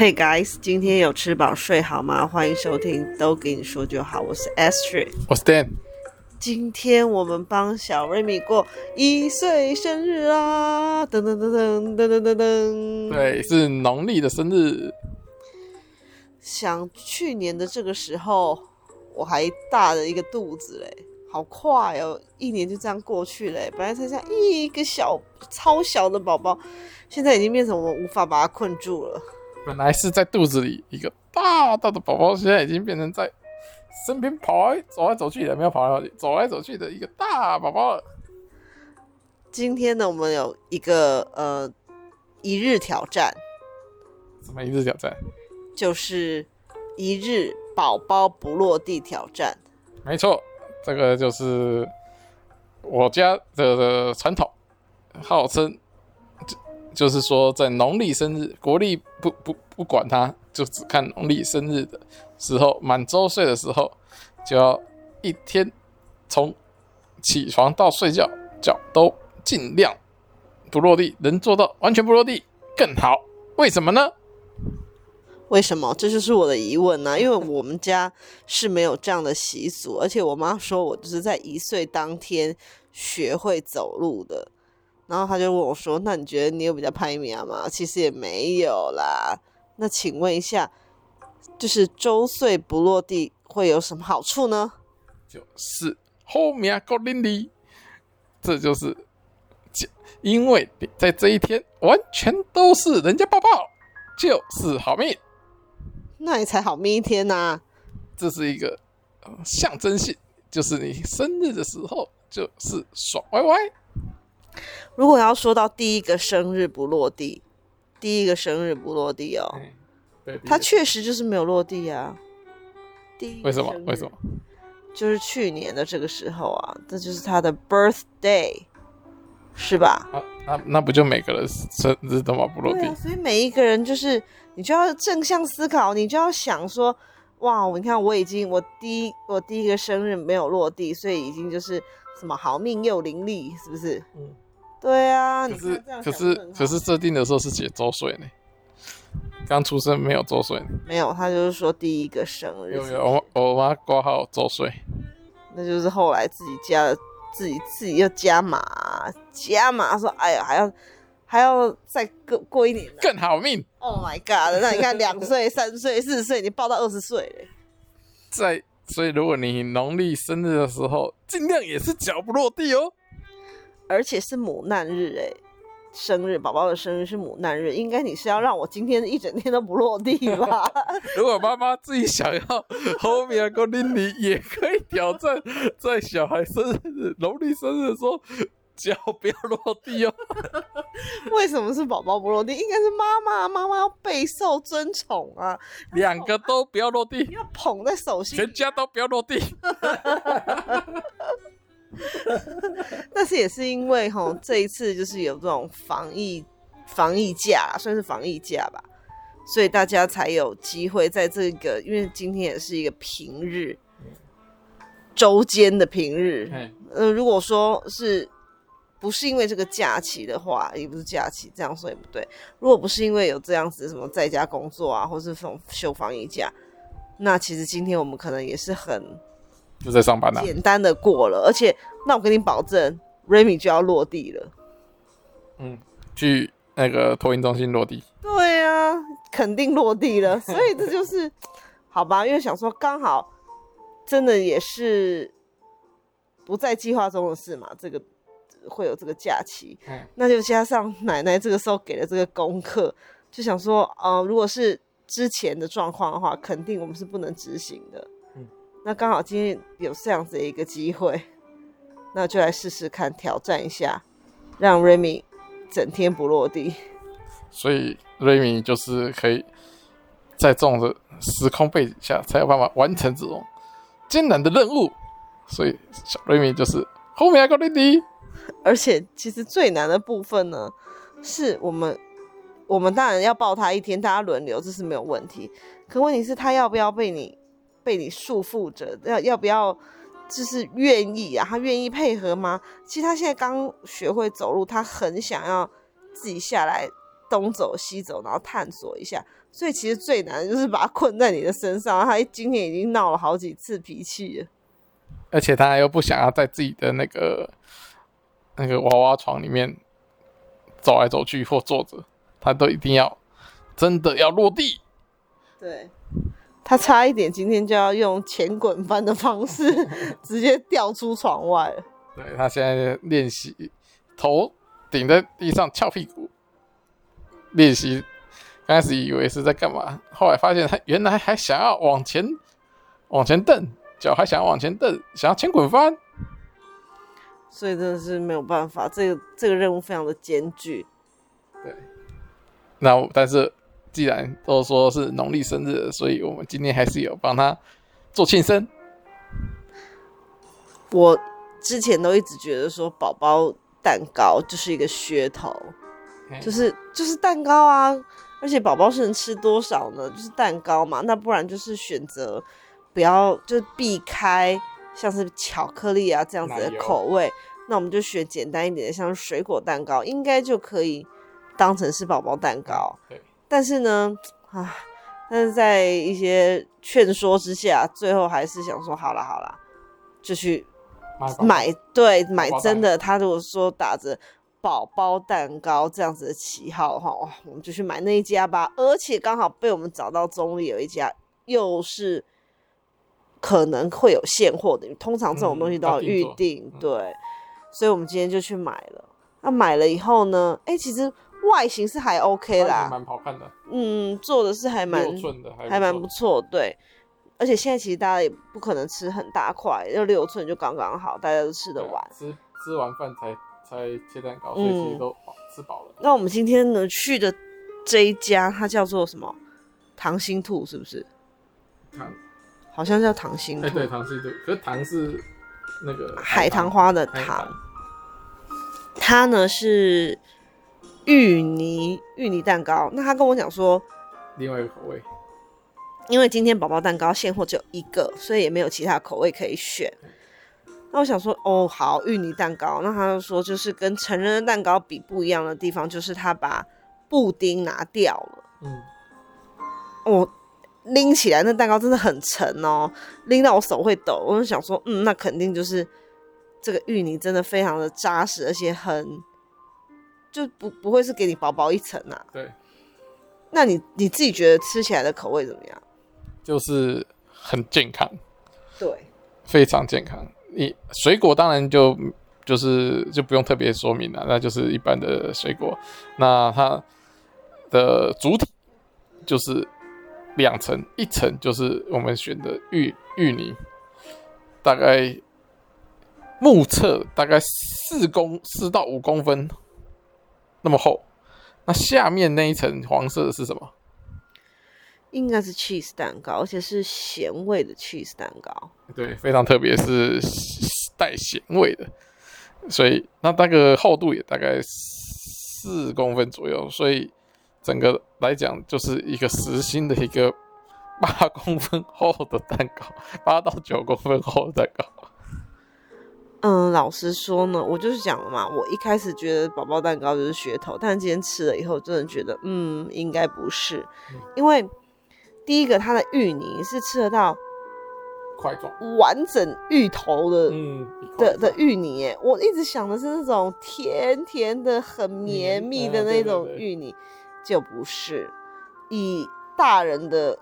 Hey guys，今天有吃飽睡好嗎？歡迎收聽，都給你說就好。我是 Astrid，我是 Dan。今天我們幫小 Remi 過一歲生日啊！噔噔噔噔噔噔噔噔。當當當當對，是農曆的生日。想去年的這個時候，我還大的一個肚子嘞，好快哦，一年就這樣過去嘞。本來才像一個小超小的寶寶，現在已經變成我們無法把它困住了。本來是在肚子裡一個大大的寶寶，現在已經變成在身邊跑來走來走去的，沒有跑來跑去走來走去的一個大寶寶了。今天呢，我們有一個呃一日挑戰，什麼一日挑戰？就是一日寶寶不落地挑戰。沒錯，這個就是我家的的傳統，號稱。就是說，在農曆生日，國曆不不不管他，就只看農曆生日的時候，滿週歲的時候，就要一天從起床到睡覺腳都盡量不落地，能做到完全不落地更好。為什麼呢？為什麼？這就是我的疑問呢、啊，因為我們家是沒有這樣的習俗，而且我媽說我就是在一歲當天學會走路的。然後他就問我說：“那你覺得你有比較歹命嗎？其實也沒有啦。那請問一下，就是周歲不落地會有什麼好處呢？就是好命啊，夠靈力。這就是這，因為在這一天完全都是人家抱抱，就是好命。那你才好命一天吶、啊！這是一個、呃、象徵性，就是你生日的時候就是爽歪歪。”如果要說到第一個生日不落地，第一個生日不落地哦，欸、他確實就是沒有落地啊。第一，為什麼？為什麼？就是去年的這個時候啊，這就是他的 birthday，是吧？啊、那那不就每個人生日都不落地、啊？所以每一個人就是你就要正向思考，你就要想說。哇，你看我已經我第一我第一個生日沒有落地，所以已經就是什麼好命又伶俐，是不是？嗯、對啊。可是你這樣可是可是設定的時候是幾週歲呢？剛出生沒有週歲？沒有，他就是說第一個生日。是是有我媽掛號週歲。那就是後來自己加自己自己要加碼加碼，說哎呀還要。還要再過過一年、啊、更好命！Oh my god！那你看歲，兩歲、 三歲、四歲已經抱到二十歲了。在所以，如果你農曆生日的時候，盡量也是腳不落地哦。而且是母難日哎、欸，生日寶寶的生日是母難日，應該你是要讓我今天一整天都不落地吧？ 如果媽媽自己想要，Homie and 你你也可以挑戰在小孩生日、農曆生日的時候。腳不要落地哦。 為什麼是寶寶不落地？應該是媽媽、啊，媽媽要備受尊寵啊！兩個都不要落地，要捧在手心。全家都不要落地。但是也是因為齁，這一次就是有這種防疫 防疫假，算是防疫假吧，所以大家才有機會在這個，因為今天也是一個平日，周間的平日。嗯嘿、呃，如果說是。不是因為這個假期的話，也不是假期，這樣說也不對。如果不是因為有這樣子什麼在家工作啊，或是休防疫假，那其實今天我們可能也是很就在上班啊，簡單的過了。而且，那我跟你保證，Remi 就要落地了。嗯，去那個托嬰中心落地。對啊，肯定落地了。所以這就是 好吧，因為想說剛好真的也是不在計劃中的事嘛，這個。會有這個假期，嗯，那就加上奶奶這個時候給的這個功課，就想說，呃，如果是之前的狀況的話，肯定我們是不能執行的。嗯，那剛好今天有這樣子一個機會，那就來試試看，挑戰一下，讓瑞米整天不落地。所以瑞米就是可以在這種的時空背景下，才有辦法完成這種艱難的任務。所以小瑞米就是 後面還高力迪。而且其實最難的部分呢，是我們，我們當然要抱他一天，大家輪流這是沒有問題。可問題是，他要不要被你被你束縛着？要要不要？就是願意啊？他願意配合嗎？其實他現在剛學會走路，他很想要自己下來，東走西走，然後探索一下。所以其實最難的就是把他困在你的身上。他今天已經鬧了好幾次脾氣了，而且他又不想要在自己的那個。那個娃娃床裡面走來走去或坐着他都一定要，真的要落地。對，他差一點今天就要用前滾翻的方式 直接掉出床外。對，他現在練習，頭頂在地上翹屁股，練習，剛開始以為是在幹嘛，後來發現他原來還想要往前往前蹬，腳還想往前蹬，想要前滾翻。所以真的是沒有辦法，這個這個任務非常的艱巨。對，那但是既然都說是農曆生日，所以我們今天還是有幫他做慶生。我之前都一直覺得說寶寶蛋糕就是一個噱頭，就是就是蛋糕啊，而且寶寶是能吃多少呢？就是蛋糕嘛，那不然就是選擇不要，就避開。像是巧克力啊這樣子的口味，奶油。那我們就選簡單一點的，像水果蛋糕，應該就可以當成是寶寶蛋糕。嗯，但是呢，啊，但是在一些勸說之下，最後還是想說，好了好了，就去買。買寶寶。對，買真的，寶寶。他如果說打着寶寶蛋糕這樣子的旗號的話，齁，我們就去買那一家吧。而且剛好被我們找到中壢有一家，又是。可能會有現貨的，通常這種東西都要預定，嗯、定對。嗯、所以，我們今天就去買了。那買了以後呢？哎、欸，其實外形是還 OK 啦，蠻好看的。嗯，做的是還蠻六寸的，還蠻不錯，不錯對。而且現在其實大家也不可能吃很大塊，要六寸就剛剛好，大家都吃得完。啊、吃吃完飯才才切蛋糕，所以其實都、嗯哦、吃飽了。那我們今天呢去的這一家，它叫做什麼？糖心兔是不是？糖。好像叫糖心。哎，對，糖心對，可是糖是那個海，海棠花的糖。糖它呢是芋泥芋泥蛋糕。那他跟我講說，另外一個口味。因為今天寶寶蛋糕現貨只有一個，所以也沒有其他口味可以選。那我想說，哦，好，芋泥蛋糕。那他就說，就是跟成人的蛋糕比不一樣的地方，就是他把布丁拿掉了。嗯。哦拎起來，那蛋糕真的很沉哦，拎到我手會抖。我就想說，嗯，那肯定就是這個芋泥真的非常的扎實，而且很就不不會是給你薄薄一層吶。對，那你你自己覺得吃起來的口味怎麼樣？就是很健康。對，非常健康。你水果當然就就是就不用特別說明了，那就是一般的水果。那它的主體就是。兩層，一層就是我們選的芋芋泥，大概目測大概四公四到五公分那麼厚。那下面那一層黃色的是什麼？應該是 cheese 蛋糕，而且是鹹味的 cheese 蛋糕。對，非常特別，是帶鹹味的，所以那大概厚度也大概四公分左右，所以。整個來講就是一個實心的一個八公分厚的蛋糕，八到九公分厚的蛋糕。嗯，老實說呢，我就是講了嘛，我一開始覺得寶寶蛋糕就是噱頭，但今天吃了以後，真的覺得，嗯，應該不是，嗯、因為第一個它的芋泥是吃得到塊狀完整芋頭的，嗯的的芋泥。我一直想的是那種甜甜的、很綿密的那種芋泥。嗯嗯對對對。就不是以大人的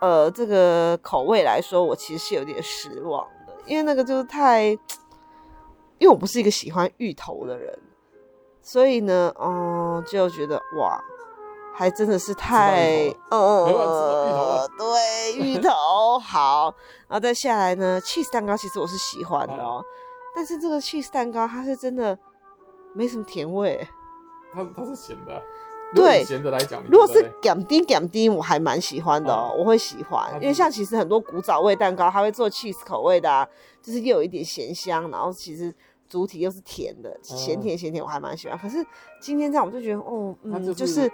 呃這個口味來說，我其實是有點失望的，因為那個就是太，因為我不是一個喜歡芋頭的人，所以呢，嗯、呃，就覺得哇，還真的是太，嗯嗯嗯，呃、對，芋頭 好。然後再下來呢，cheese 蛋糕其實我是喜歡的、喔，啊、但是這個 cheese 蛋糕它是真的沒什麼甜味，它它是鹹的。對，如果是鹹甜來講，鹹的，我還蠻喜歡的，哦，啊，我會喜歡，因為像其實很多古早味蛋糕，它會做 cheese 口味的，啊，就是又有一點鹹香，然後其實主體又是甜的，鹹、嗯、甜鹹甜，我還蠻喜歡。可是今天這樣，我就覺得哦，嗯，就是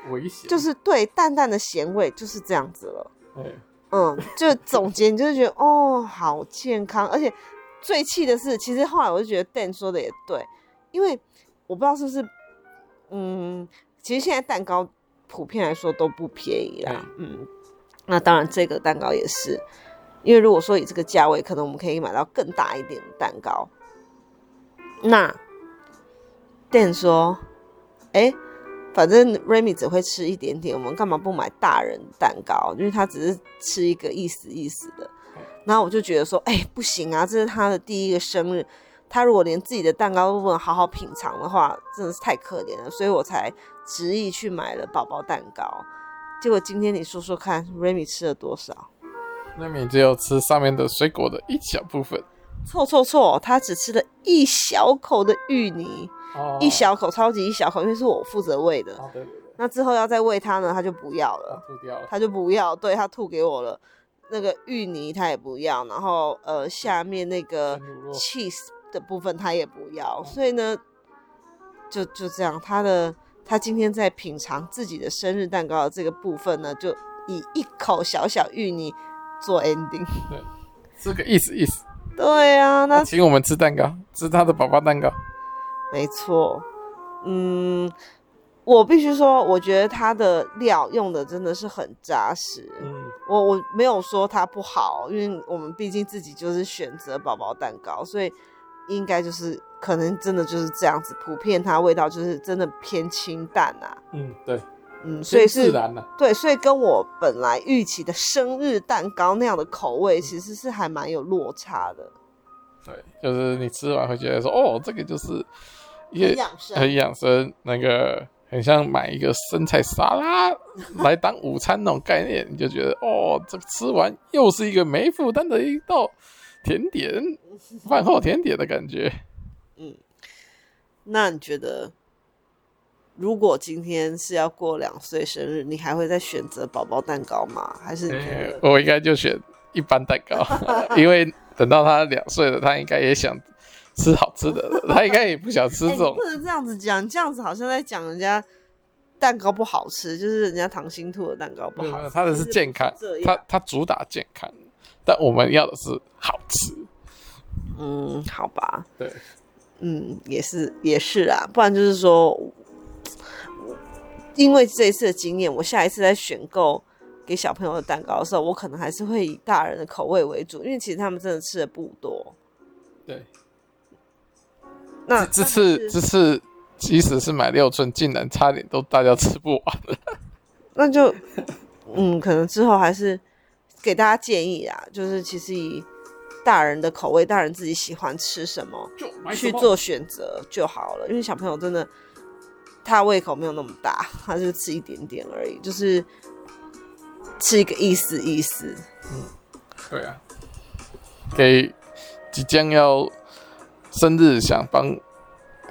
就是對，淡淡的鹹味就是這樣子了。嗯、欸，嗯，就總結，你就是覺得 哦，好健康，而且最氣的是，其實後來我就覺得 Dan 說的也對，因為我不知道是不是，嗯。其實現在蛋糕普遍來說都不便宜啦，嗯，嗯，那當然這個蛋糕也是，因為如果說以這個價位，可能我們可以買到更大一點的蛋糕。那 Dan 說：“哎，反正 Remi 只會吃一點點，我們幹嘛不買大人蛋糕？因為他只是吃一個意思意思的。嗯”然後我就覺得說：“哎，不行啊，這是他的第一個生日。”他如果連自己的蛋糕都不能好好品嘗的話，真的是太可憐了，所以我才執意去買了寶寶蛋糕。結果今天你說說看，Remi 吃了多少？Remi 只有吃上面的水果的一小部分。錯錯錯，他只吃了一小口的芋泥，oh. 一小口超級一小口，因為是我負責餵的。Oh, 對那之後要再餵他呢，他就不要了。他吐掉了他就不要，對他吐給我了。那個芋泥他也不要，然後呃下面那個 cheese。 的部分他也不要，所以呢，就就這樣。他的他今天在品嘗自己的生日蛋糕這個部分呢，就以一口小小芋泥做 ending。對，這個意思意思。對啊，那，那請我們吃蛋糕，吃他的寶寶蛋糕。沒錯，嗯，我必須說，我覺得他的料用的真的是很扎實。嗯，我我沒有說他不好，因為我們畢竟自己就是選擇寶寶蛋糕，所以。應該就是可能真的就是這樣子，普遍它味道就是真的偏清淡啊。嗯，對，嗯，啊、所以是自然的，對，所以跟我本來預期的生日蛋糕那樣的口味，其實是還蠻有落差的。對，就是你吃完會覺得說，哦，這個就是一很養生，很養生，那個很像買一個生菜沙拉來當午餐那種概念， 你就覺得，哦，這個吃完又是一個沒負擔的一道。甜點，飯後甜點的感覺。 嗯，那你覺得，如果今天是要過兩歲生日，你還會再選擇寶寶蛋糕嗎？還是、欸、我應該就選一般蛋糕？ 因為等到他兩歲了，他應該也想吃好吃的， 他應該也不想吃這種。欸、不能這樣子講，這樣子好像在講人家蛋糕不好吃，就是人家糖心兔的蛋糕不好吃、啊。他的是健康，他他主打健康。但我們要的是好吃，嗯，好吧，對，嗯，也是也是啦，不然就是說我，因為這一次的經驗，我下一次在選購給小朋友的蛋糕的時候，我可能還是會以大人的口味為主，因為其實他們真的吃的不多。對，那這次那這次即使是買六寸，竟然差點都大家吃不完了，那就嗯，可能之後還是。給大家建議啊，就是其實以大人的口味，大人自己喜歡吃什麼，就去做選擇就好了。因為小朋友真的，他胃口沒有那麼大，他就吃一點點而已，就是吃一個意思意思。嗯，對啊，給即將要生日想幫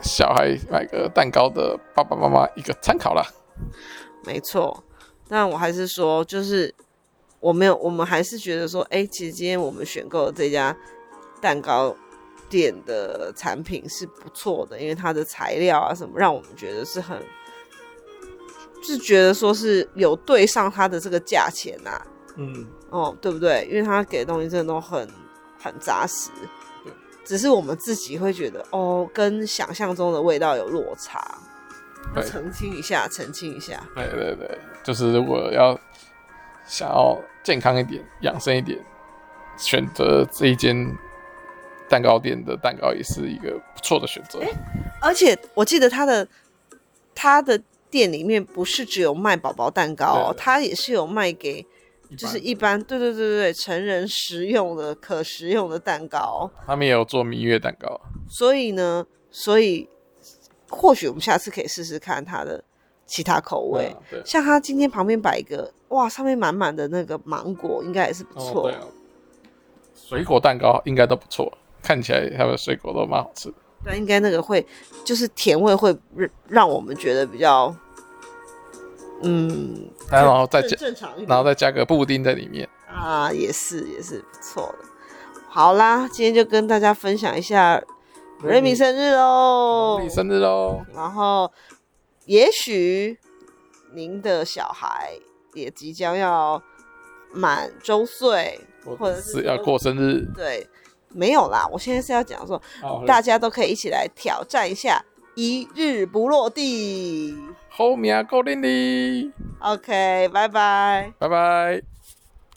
小孩買個蛋糕的爸爸媽媽一個參考了。嗯。沒錯，但我還是說，就是。我沒有，我們還是覺得說，哎、欸，其實今天我們選購的這家蛋糕店的產品是不錯的，因為它的材料啊什麼，讓我們覺得是很，是覺得說是有對上它的這個價錢吶、啊。嗯。哦，對不對？因為它給的東西真的都很很扎實。嗯。只是我們自己會覺得，哦，跟想象中的味道有落差。要澄清一下，對澄清一下。對對對，就是如果要、嗯。想要健康一點、養生一點，選擇這一間蛋糕店的蛋糕也是一個不錯的選擇。欸、而且我記得他的他的店裡面不是只有賣寶寶蛋糕、哦，對他也是有賣給就是一般，一般對對對對對成人食用的可食用的蛋糕。他們也有做彌月蛋糕。所以呢，所以或許我們下次可以試試看他的其他口味，啊、像他今天旁邊擺一個。哇，上面滿滿的那個芒果應該也是不錯，哦，對啊。水果蛋糕應該都不錯，看起來它的水果都蠻好吃。但應該那個會就是甜味會讓我們覺得比較，嗯，然後再加，正正常一點然後再加個布丁在裡面啊，也是也是不錯的。好啦，今天就跟大家分享一下瑞米，嗯、生日哦，瑞米生日哦，瑞米生日哦，然後也許您的小孩。也即將要滿周歲，或者是，是要過生日，對，沒有啦，我現在是要講說，啊，大家都可以一起來挑戰一下，一日不落地，好命固定你，OK，拜拜，拜拜。